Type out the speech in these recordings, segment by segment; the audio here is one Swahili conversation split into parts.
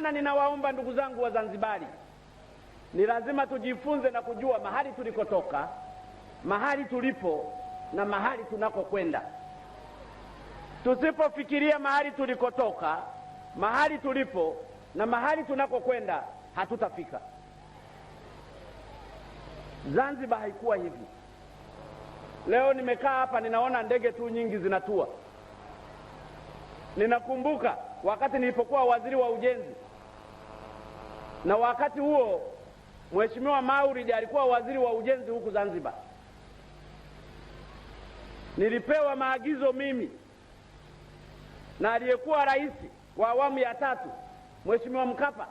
maana ninawaomba ndugu zangu Wazanzibari, ni lazima tujifunze na kujua mahali tulikotoka, mahali tulipo na mahali tunakokwenda. Tusipofikiria mahali tulikotoka, mahali tulipo na mahali tunakokwenda, hatutafika. Zanzibar haikuwa hivi. Leo nimekaa hapa ninaona ndege tu nyingi zinatua. Ninakumbuka wakati nilipokuwa waziri wa ujenzi na wakati huo Mheshimiwa Mauridi alikuwa waziri wa ujenzi huku Zanzibar. Nilipewa maagizo mimi na aliyekuwa rais wa awamu ya tatu Mheshimiwa Mkapa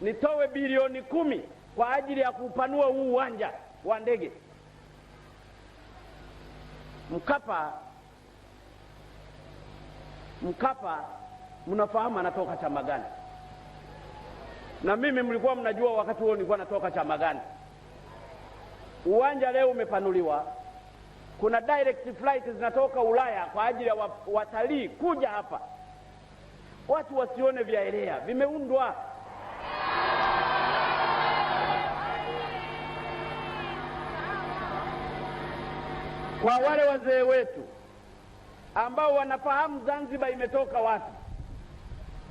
nitowe bilioni kumi kwa ajili ya kuupanua huu uwanja wa ndege. Mkapa Mkapa mnafahamu anatoka chama gani? na mimi mlikuwa mnajua wakati huo nilikuwa natoka chama gani. Uwanja leo umepanuliwa, kuna direct flight zinatoka Ulaya kwa ajili ya watalii kuja hapa, watu wasione vyaelea vimeundwa. Kwa wale wazee wetu ambao wanafahamu Zanzibar imetoka wapi,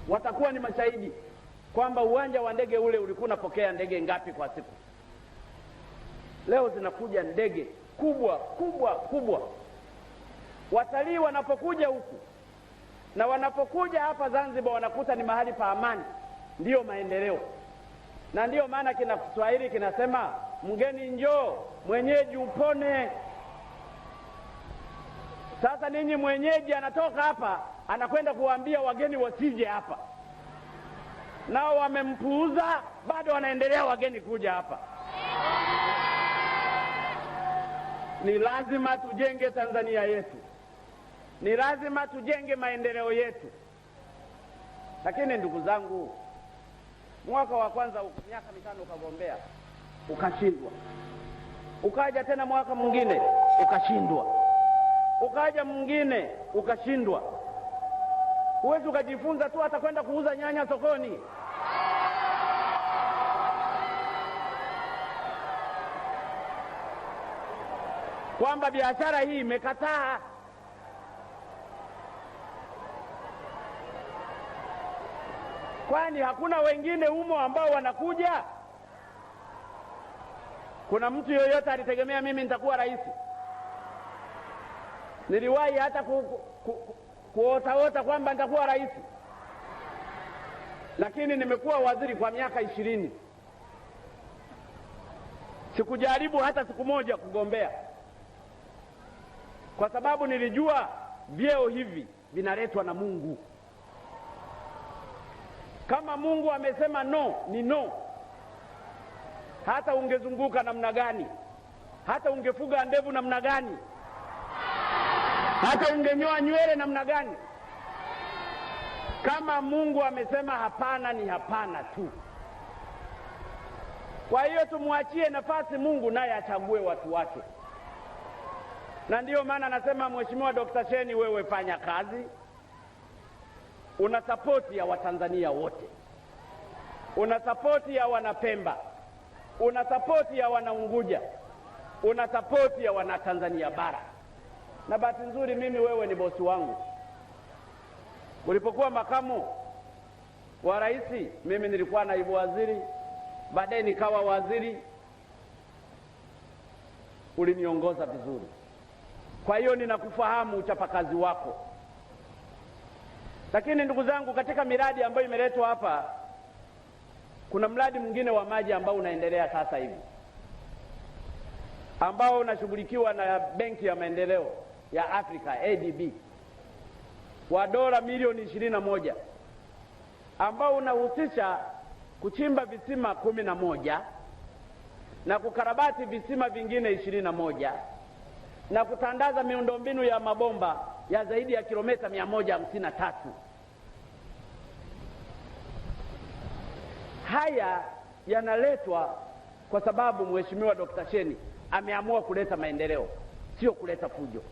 watakuwa ni mashahidi kwamba uwanja wa ndege ule ulikuwa unapokea ndege ngapi kwa siku. Leo zinakuja ndege kubwa kubwa kubwa. Watalii wanapokuja huku na wanapokuja hapa Zanzibar wanakuta ni mahali pa amani, ndiyo maendeleo. Na ndiyo maana kina Kiswahili kinasema mgeni njoo, mwenyeji upone. Sasa ninyi mwenyeji anatoka hapa anakwenda kuwaambia wageni wasije hapa nao wamempuuza, bado wanaendelea wageni kuja hapa. Ni lazima tujenge Tanzania yetu, ni lazima tujenge maendeleo yetu. Lakini ndugu zangu, mwaka wa kwanza miaka mitano ukagombea ukashindwa, ukaja tena mwaka mwingine ukashindwa, ukaja mwingine ukashindwa Huwezi ukajifunza tu hata kwenda kuuza nyanya sokoni. Kwamba biashara hii imekataa. Kwani hakuna wengine humo ambao wanakuja? Kuna mtu yoyote alitegemea mimi nitakuwa rais? Niliwahi hata ku, ku, ku, kuotaota kwamba nitakuwa rais, lakini nimekuwa waziri kwa miaka ishirini. Sikujaribu hata siku moja kugombea, kwa sababu nilijua vyeo hivi vinaletwa na Mungu. Kama Mungu amesema no, ni no. Hata ungezunguka namna gani, hata ungefuga ndevu namna gani hata ungenyoa nywele namna gani, kama Mungu amesema hapana, ni hapana tu. Kwa hiyo tumwachie nafasi Mungu naye achague watu wake, na ndiyo maana anasema Mheshimiwa Dr. Sheni, wewe fanya kazi, una sapoti ya Watanzania wote, una sapoti ya Wanapemba, una sapoti ya Wanaunguja, una sapoti ya Wanatanzania bara na bahati nzuri mimi wewe ni bosi wangu. Ulipokuwa makamu wa rais, mimi nilikuwa naibu waziri, baadaye nikawa waziri, uliniongoza vizuri. Kwa hiyo ninakufahamu uchapakazi wako. Lakini ndugu zangu, katika miradi ambayo imeletwa hapa, kuna mradi mwingine wa maji ambao unaendelea sasa hivi ambao unashughulikiwa na Benki ya Maendeleo ya Afrika ADB wa dola milioni ishirini na moja ambao unahusisha kuchimba visima kumi na moja na kukarabati visima vingine ishirini na moja na kutandaza miundombinu ya mabomba ya zaidi ya kilomita mia moja hamsini na tatu. Haya yanaletwa kwa sababu Mheshimiwa Dr. Sheni ameamua kuleta maendeleo, sio kuleta fujo.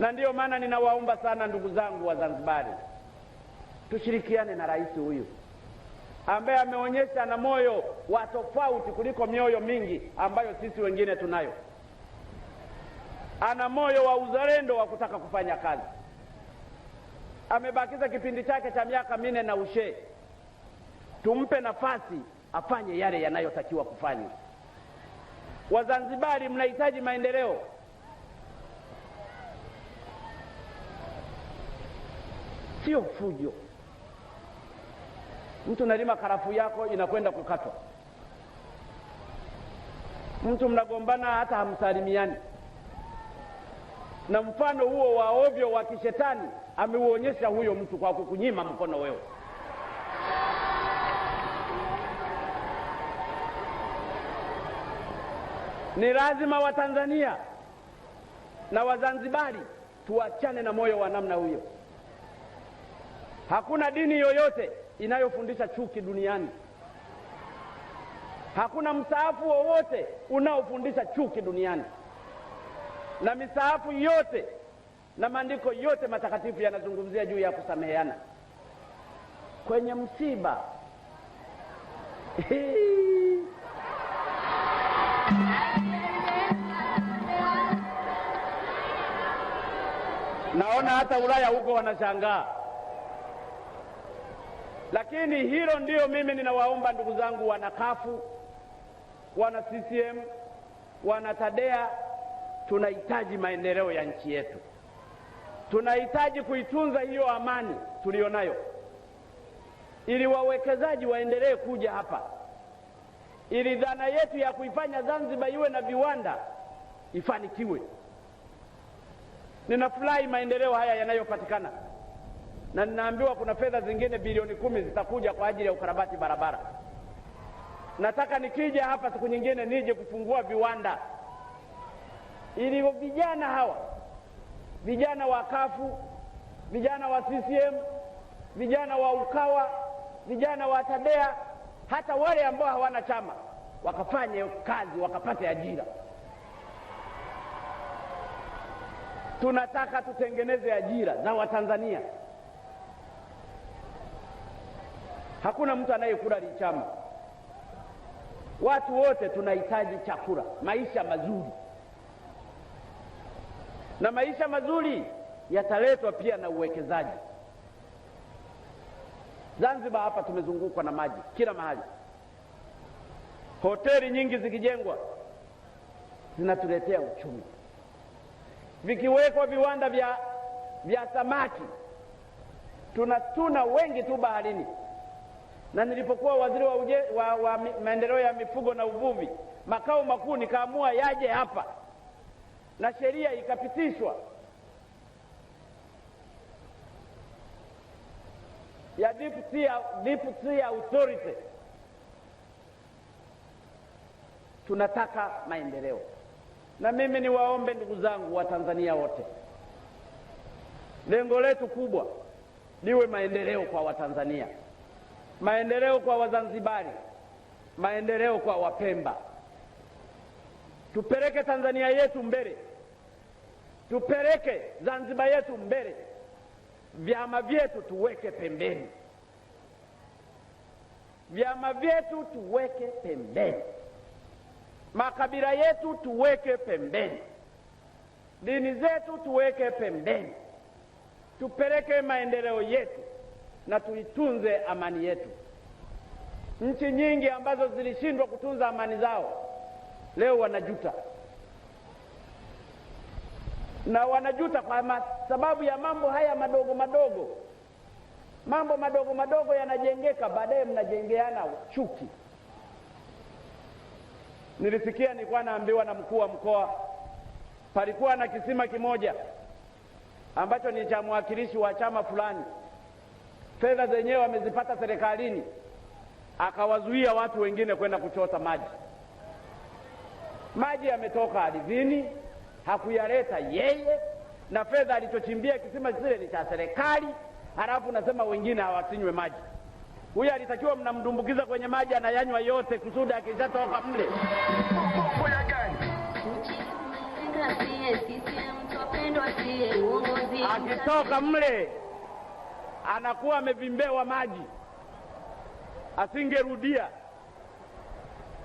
Na ndiyo maana ninawaomba sana ndugu zangu Wazanzibari, tushirikiane na rais huyu ambaye ameonyesha na moyo wa tofauti kuliko mioyo mingi ambayo sisi wengine tunayo. Ana moyo wa uzalendo wa kutaka kufanya kazi. Amebakiza kipindi chake cha miaka minne na ushe, tumpe nafasi afanye yale yanayotakiwa kufanywa. Wazanzibari mnahitaji maendeleo. sio fujo. Mtu nalima karafuu yako inakwenda kukatwa, mtu mnagombana hata hamsalimiani, na mfano huo wa ovyo wa kishetani ameuonyesha huyo mtu kwa kukunyima mkono wewe. Ni lazima Watanzania na Wazanzibari tuachane na moyo wa namna huyo. Hakuna dini yoyote inayofundisha chuki duniani. Hakuna msaafu wowote unaofundisha chuki duniani, na misaafu yote na maandiko yote matakatifu yanazungumzia juu ya kusameheana kwenye msiba. Naona hata Ulaya huko wanashangaa. Lakini hilo ndiyo mimi ninawaomba ndugu zangu, wana kafu, wana CCM, wana Tadea, tunahitaji maendeleo ya nchi yetu, tunahitaji kuitunza hiyo amani tuliyonayo, ili wawekezaji waendelee kuja hapa, ili dhana yetu ya kuifanya Zanzibar iwe na viwanda ifanikiwe. Ninafurahi maendeleo haya yanayopatikana na ninaambiwa kuna fedha zingine bilioni kumi zitakuja kwa ajili ya ukarabati barabara. Nataka nikija hapa siku nyingine nije kufungua viwanda ilivyo vijana hawa vijana wa kafu vijana wa CCM vijana wa Ukawa vijana wa Tadea hata wale ambao hawana chama wakafanye kazi wakapate ajira. Tunataka tutengeneze ajira za Watanzania. Hakuna mtu anayekula lichama. Watu wote tunahitaji chakula, maisha mazuri, na maisha mazuri yataletwa pia na uwekezaji. Zanzibar hapa tumezungukwa na maji kila mahali, hoteli nyingi zikijengwa zinatuletea uchumi, vikiwekwa viwanda vya, vya samaki tuna tuna wengi tu baharini na nilipokuwa waziri wa, uje, wa, wa maendeleo ya mifugo na uvuvi, makao makuu nikaamua yaje hapa na sheria ikapitishwa ya deep sea, deep sea authority. Tunataka maendeleo, na mimi niwaombe ndugu zangu wa Tanzania wote, lengo letu kubwa liwe maendeleo kwa Watanzania maendeleo kwa Wazanzibari, maendeleo kwa Wapemba. Tupeleke Tanzania yetu mbele, tupeleke Zanzibar yetu mbele. Vyama vyetu tuweke pembeni, vyama vyetu tuweke pembeni, makabila yetu tuweke pembeni, dini zetu tuweke pembeni, tupeleke maendeleo yetu na tuitunze amani yetu. Nchi nyingi ambazo zilishindwa kutunza amani zao leo wanajuta, na wanajuta kwa sababu ya mambo haya madogo madogo. Mambo madogo madogo yanajengeka, baadaye mnajengeana chuki. Nilisikia, nilikuwa naambiwa na mkuu wa mkoa, palikuwa na kisima kimoja ambacho ni cha mwakilishi wa chama fulani fedha zenyewe amezipata serikalini, akawazuia watu wengine kwenda kuchota maji. Maji yametoka ardhini, hakuyaleta yeye, na fedha alichochimbia kisima kile ni cha serikali, halafu nasema wengine hawasinywe maji. huyo alitakiwa mnamdumbukiza kwenye maji, anayanywa yote kusudi akishatoka mle akitoka mle anakuwa amevimbewa maji, asingerudia.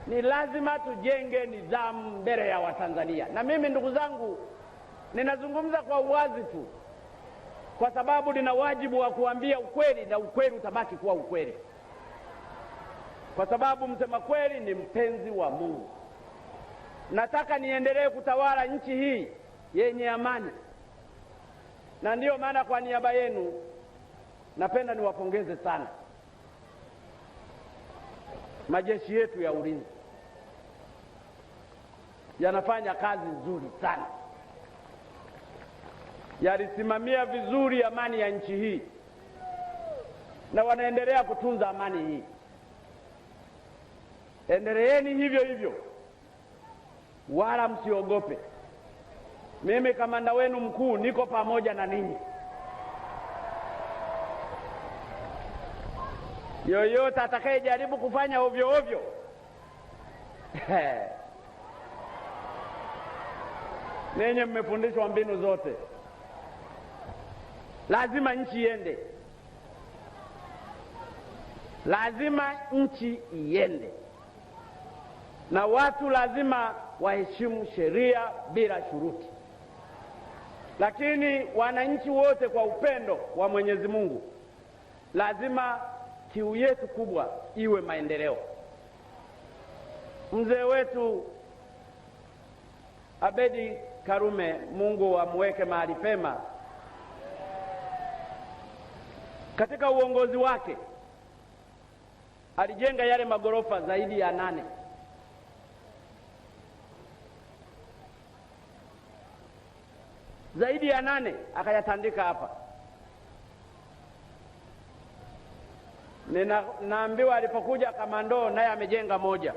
Ni lazima tujenge nidhamu mbele ya Watanzania. Na mimi ndugu zangu, ninazungumza kwa uwazi tu, kwa sababu nina wajibu wa kuambia ukweli, na ukweli utabaki kuwa ukweli, kwa sababu msema kweli ni mpenzi wa Mungu. Nataka niendelee kutawala nchi hii yenye amani, na ndiyo maana kwa niaba yenu Napenda niwapongeze sana majeshi yetu ya ulinzi, yanafanya kazi nzuri sana, yalisimamia vizuri amani ya nchi hii na wanaendelea kutunza amani hii. Endeleeni hivyo hivyo, wala msiogope. Mimi kamanda wenu mkuu, niko pamoja na ninyi. yoyote atakayejaribu kufanya ovyo ovyo nenye mmefundishwa mbinu zote, lazima nchi iende, lazima nchi iende, na watu lazima waheshimu sheria bila shuruti. Lakini wananchi wote kwa upendo wa Mwenyezi Mungu lazima kiu yetu kubwa iwe maendeleo. Mzee wetu Abedi Karume, Mungu amweke mahali pema, katika uongozi wake alijenga yale magorofa zaidi ya nane. Zaidi ya nane akayatandika hapa. Nina, naambiwa alipokuja kamandoo naye amejenga moja,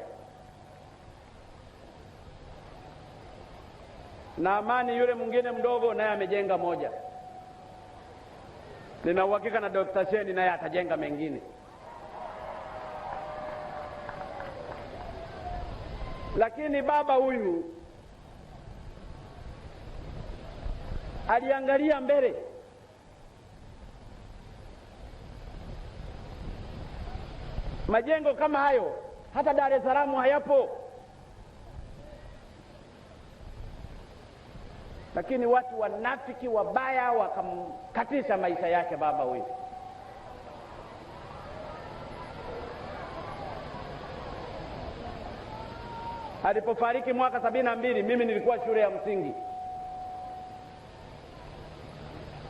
na Amani yule mwingine mdogo naye amejenga moja. Nina uhakika na Dr. Sheni naye atajenga mengine, lakini baba huyu aliangalia mbele Majengo kama hayo hata Dar es Salaam hayapo, lakini watu wanafiki wabaya wakamkatisha maisha yake baba huyu. Alipofariki mwaka sabini na mbili mimi nilikuwa shule ya msingi.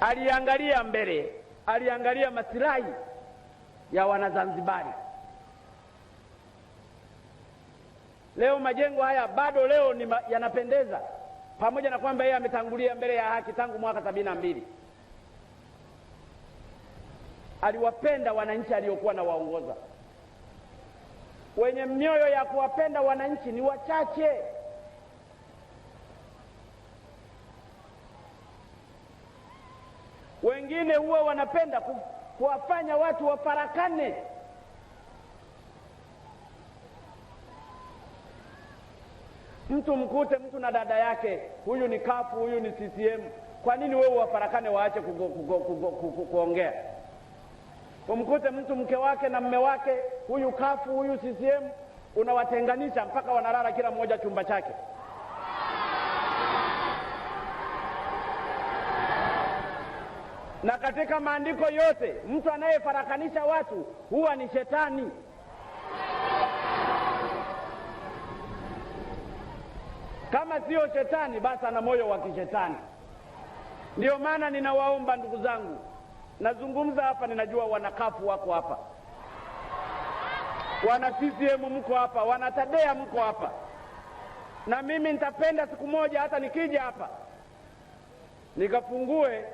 Aliangalia mbele, aliangalia masilahi ya Wanazanzibari. Leo majengo haya bado leo ni yanapendeza, pamoja na kwamba yeye ametangulia mbele ya haki tangu mwaka sabini na mbili. Aliwapenda wananchi aliyokuwa na waongoza. Wenye mioyo ya kuwapenda wananchi ni wachache. Wengine huwa wanapenda kuwafanya watu wafarakane. mtu mkute mtu na dada yake, huyu ni kafu, huyu ni CCM. Kwa nini wewe wafarakane waache kuongea? Umkute mtu mke wake na mme wake, huyu kafu, huyu CCM, unawatenganisha mpaka wanalala kila mmoja chumba chake. Na katika maandiko yote mtu anayefarakanisha watu huwa ni shetani. sio siyo shetani, basi ana moyo wa kishetani. Ndiyo maana ninawaomba ndugu zangu, nazungumza hapa, ninajua wanakafu wako hapa, wana CCM mko hapa, wana Tadea mko hapa, na mimi nitapenda siku moja hata nikija hapa nikafungue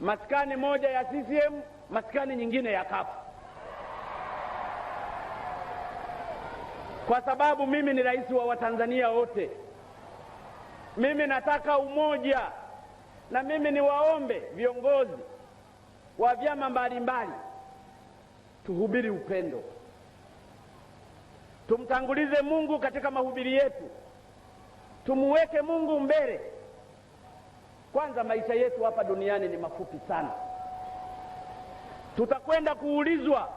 maskani moja ya CCM, maskani nyingine ya kafu kwa sababu mimi ni rais wa Watanzania wote. Mimi nataka umoja, na mimi niwaombe viongozi wa vyama mbalimbali, tuhubiri upendo, tumtangulize Mungu katika mahubiri yetu, tumuweke Mungu mbele kwanza. Maisha yetu hapa duniani ni mafupi sana, tutakwenda kuulizwa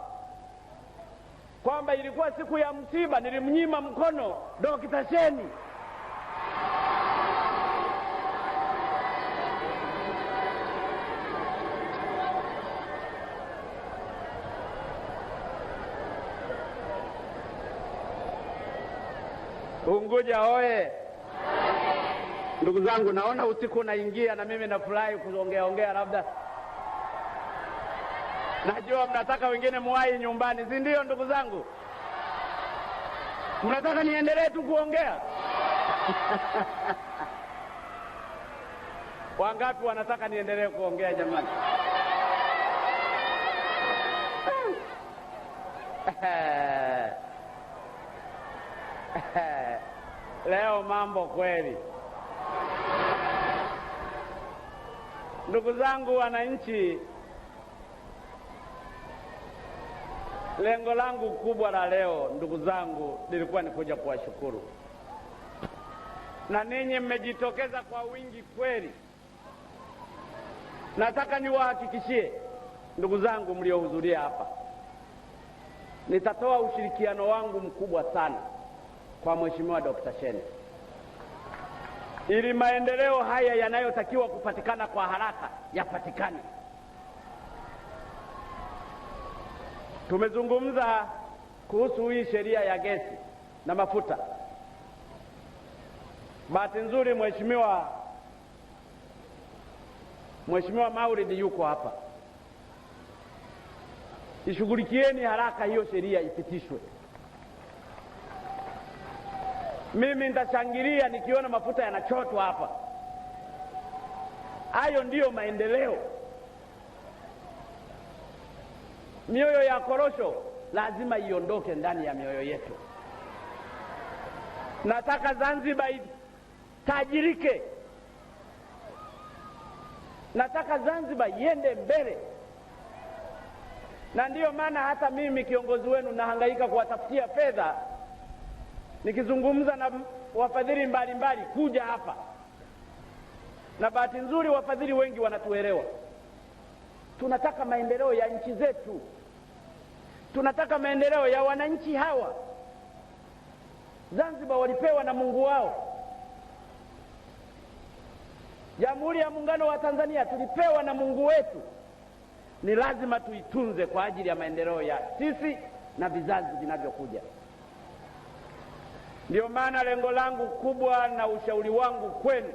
kwamba ilikuwa siku ya msiba, nilimnyima mkono Dokta Sheni. Unguja oye Ndugu zangu, naona usiku unaingia na mimi nafurahi kuongeaongea labda Najua mnataka wengine muwai nyumbani, si ndio? Ndugu zangu, mnataka niendelee tu kuongea? Wangapi wanataka niendelee kuongea jamani? Leo mambo kweli, ndugu zangu wananchi. Lengo langu kubwa la leo, ndugu zangu, lilikuwa ni kuja kuwashukuru, na ninyi mmejitokeza kwa wingi kweli. Nataka niwahakikishie ndugu zangu mliohudhuria hapa, nitatoa ushirikiano wangu mkubwa sana kwa Mheshimiwa Dkt. Shein ili maendeleo haya yanayotakiwa kupatikana kwa haraka yapatikane. Tumezungumza kuhusu hii sheria ya gesi na mafuta. Bahati nzuri mheshimiwa Mheshimiwa Maurid yuko hapa. Ishughulikieni haraka hiyo sheria ipitishwe. Mimi nitashangilia nikiona mafuta yanachotwa hapa. Hayo ndiyo maendeleo. mioyo ya korosho lazima iondoke ndani ya mioyo yetu. Nataka Zanzibar itajirike, nataka Zanzibar iende mbele, na ndiyo maana hata mimi kiongozi wenu nahangaika kuwatafutia fedha, nikizungumza na wafadhili mbalimbali kuja hapa, na bahati nzuri wafadhili wengi wanatuelewa. Tunataka maendeleo ya nchi zetu, tunataka maendeleo ya wananchi hawa. Zanzibar walipewa na Mungu wao. Jamhuri ya Muungano wa Tanzania tulipewa na Mungu wetu, ni lazima tuitunze kwa ajili ya maendeleo ya sisi na vizazi vinavyokuja. ndio maana lengo langu kubwa na ushauri wangu kwenu,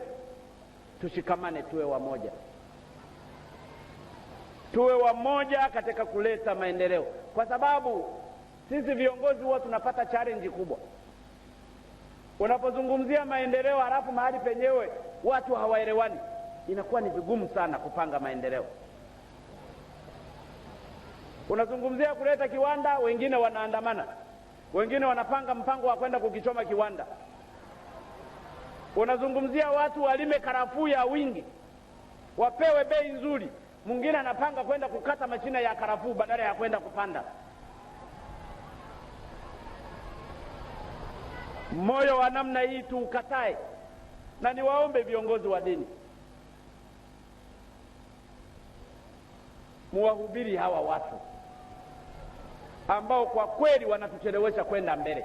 tushikamane, tuwe wamoja tuwe wamoja katika kuleta maendeleo, kwa sababu sisi viongozi huwa tunapata challenge kubwa unapozungumzia maendeleo, halafu mahali penyewe watu hawaelewani, inakuwa ni vigumu sana kupanga maendeleo. Unazungumzia kuleta kiwanda, wengine wanaandamana, wengine wanapanga mpango wa kwenda kukichoma kiwanda. Unazungumzia watu walime karafuu ya wingi, wapewe bei nzuri, mwingine anapanga kwenda kukata mashina ya karafuu badala ya kwenda kupanda. Moyo wa namna hii tuukatae, na niwaombe viongozi wa dini muwahubiri hawa watu ambao kwa kweli wanatuchelewesha kwenda mbele.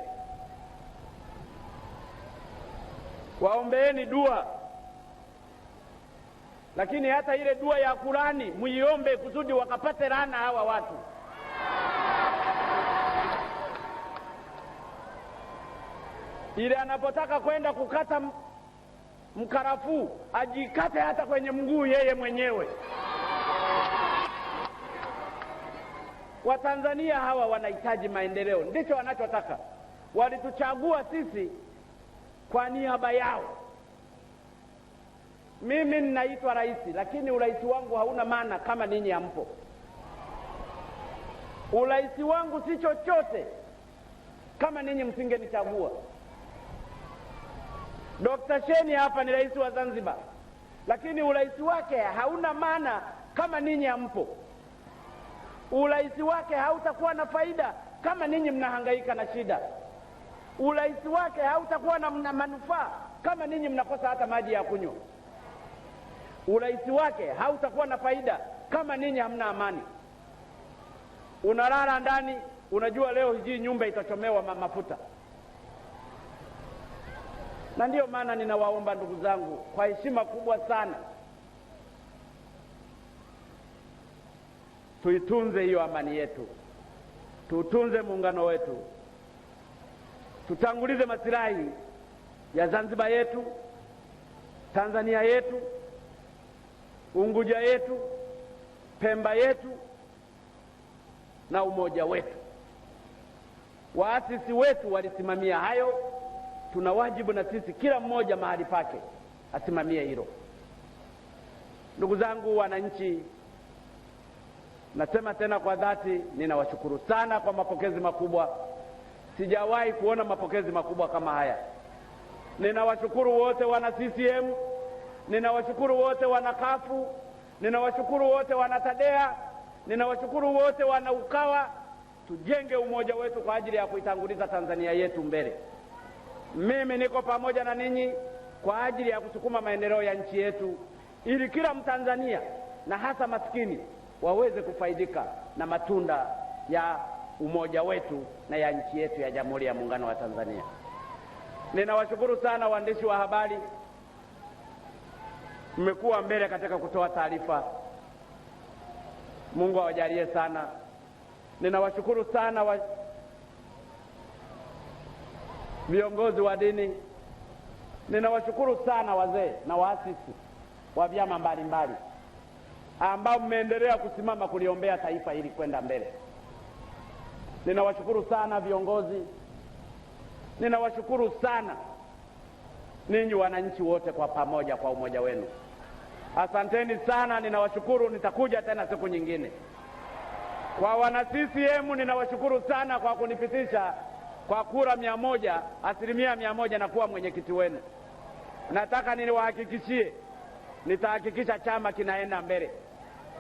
Waombeeni dua lakini hata ile dua ya Qurani muiombe kusudi wakapate laana hawa watu. Ile anapotaka kwenda kukata mkarafuu ajikate hata kwenye mguu yeye mwenyewe. Watanzania hawa wanahitaji maendeleo, ndicho wanachotaka. Walituchagua sisi kwa niaba yao. Mimi ninaitwa rais, lakini urais wangu hauna maana kama ninyi hampo. Urais wangu si chochote kama ninyi msingenichagua. Dr. Sheni hapa ni rais wa Zanzibar, lakini urais wake hauna maana kama ninyi hampo. Urais wake hautakuwa na faida kama ninyi mnahangaika na shida. Urais wake hautakuwa na manufaa kama ninyi mnakosa hata maji ya kunywa urahisi wake hautakuwa na faida kama ninyi hamna amani. Unalala ndani, unajua leo hii nyumba itachomewa mafuta. Na ndiyo maana ninawaomba ndugu zangu, kwa heshima kubwa sana, tuitunze hiyo amani yetu, tuutunze muungano wetu, tutangulize masilahi ya Zanzibar yetu, Tanzania yetu. Unguja yetu, Pemba yetu na umoja wetu. Waasisi wetu walisimamia hayo, tuna wajibu na sisi, kila mmoja mahali pake asimamie hilo. Ndugu zangu wananchi, nasema tena kwa dhati, ninawashukuru sana kwa mapokezi makubwa. Sijawahi kuona mapokezi makubwa kama haya. Ninawashukuru wote wana CCM Ninawashukuru wote wana kafu, ninawashukuru wote wana Tadea, ninawashukuru wote wana Ukawa. Tujenge umoja wetu kwa ajili ya kuitanguliza Tanzania yetu mbele. Mimi niko pamoja na ninyi kwa ajili ya kusukuma maendeleo ya nchi yetu, ili kila Mtanzania na hasa maskini waweze kufaidika na matunda ya umoja wetu na ya nchi yetu ya Jamhuri ya Muungano wa Tanzania. Ninawashukuru sana waandishi wa habari mmekuwa mbele katika kutoa taarifa. Mungu awajalie sana. Ninawashukuru sana wa... viongozi wa dini, ninawashukuru sana wazee na waasisi wa vyama mbalimbali ambao mmeendelea kusimama kuliombea taifa ili kwenda mbele. Ninawashukuru sana viongozi, ninawashukuru sana ninyi wananchi wote kwa pamoja, kwa umoja wenu. Asanteni sana, ninawashukuru. Nitakuja tena siku nyingine. Kwa wana CCM ninawashukuru sana kwa kunipitisha kwa kura mia moja, asilimia mia moja na kuwa mwenyekiti wenu. Nataka niliwahakikishie, nitahakikisha chama kinaenda mbele,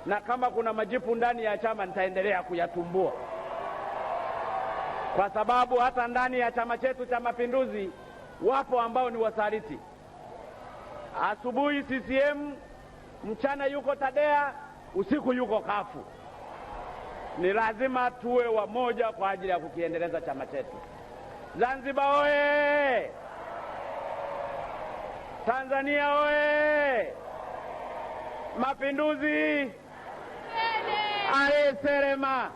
na kama kuna majipu ndani ya chama nitaendelea kuyatumbua, kwa sababu hata ndani ya chama chetu cha Mapinduzi wapo ambao ni wasaliti. Asubuhi CCM mchana yuko Tadea, usiku yuko Kafu. Ni lazima tuwe wamoja kwa ajili ya kukiendeleza chama chetu. Zanzibar oye! Tanzania oye! Mapinduzi aliserema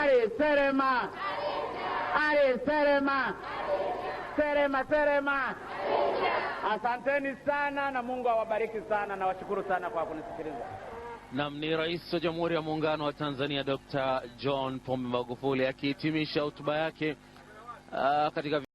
aliserema aliserema serema serema Asanteni sana na Mungu awabariki sana na washukuru sana kwa kunisikiliza. Nam ni Rais wa Jamhuri ya Muungano wa Tanzania Dr. John Pombe Magufuli akihitimisha hotuba yake uh, katika